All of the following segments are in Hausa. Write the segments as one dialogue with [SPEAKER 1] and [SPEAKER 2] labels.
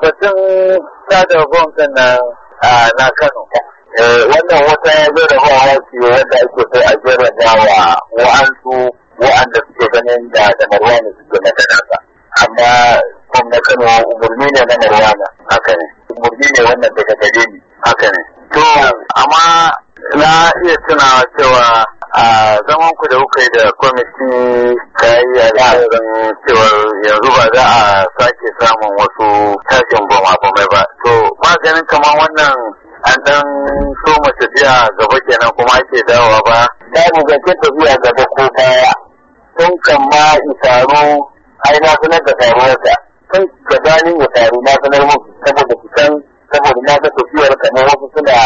[SPEAKER 1] batun sada gwamnan na na Kano. Eh, wannan wata ya zo da ba hauki wanda ake so a da wa wa'ansu wa'anda suke ganin da da marwani suke magana ba. Amma na Kano umarni ne na Marwana haka ne. Umarni ne wannan daga gare ni haka ne. To amma na iya tunawa cewa a zaman ku da kuka yi da kwamiti ta yi a cewar yanzu ba za a samun wasu tashin goma komai ba to maganin kamar wannan an dan so mace biya gaba kenan kuma ake dawowa ba ta bugace tafiya gaba ko baya tun kan ma in taro ai na sanar da taruwarta tun gabanin ya taru na sanar muku saboda kusan saboda na ga tafiyar kamar wasu suna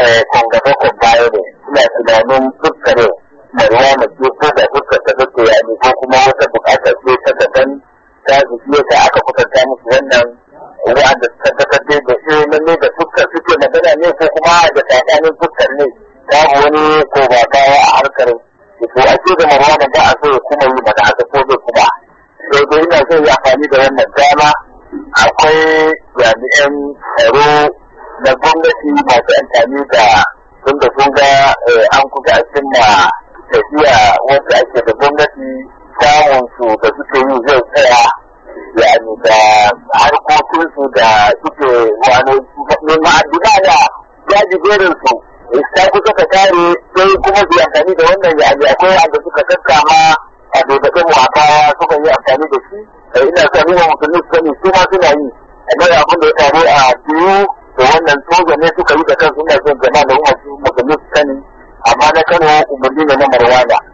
[SPEAKER 1] eh, kongaba ko baya ne suna tunanin dukkan maruwa mace ko da dukkan ta ya ne ko kuma wata bukatar ce ta daban ta zuciya ta aka shari'a da ta tabbatar da eh lalle da fuskar suke magana ne ko kuma da tsakanin fuskar ne ta wani ko ba kaya a harkar to a ce da ba a so ya kuma yi daga haka ko zai kuma sai dai ina so ya amfani da wannan dama akwai jami'an tsaro na gwamnati masu amfani da tun da sun ga eh, an kuka a cimma tafiya wanda ake da wato ma'adina da jaji jerin su ta kusa ta kare sai kuma su amfani da wannan yaji akwai wanda suka kakkama a dodakan wafawa suka yi amfani da shi eh, ina sa nuna musulmi su sani su ma suna yi a gaya abin da ya taru a biyu da wannan soja ne suka yi da kansu ina son jama'a da umar musulmi su sani amma na kano umarni ne na marwana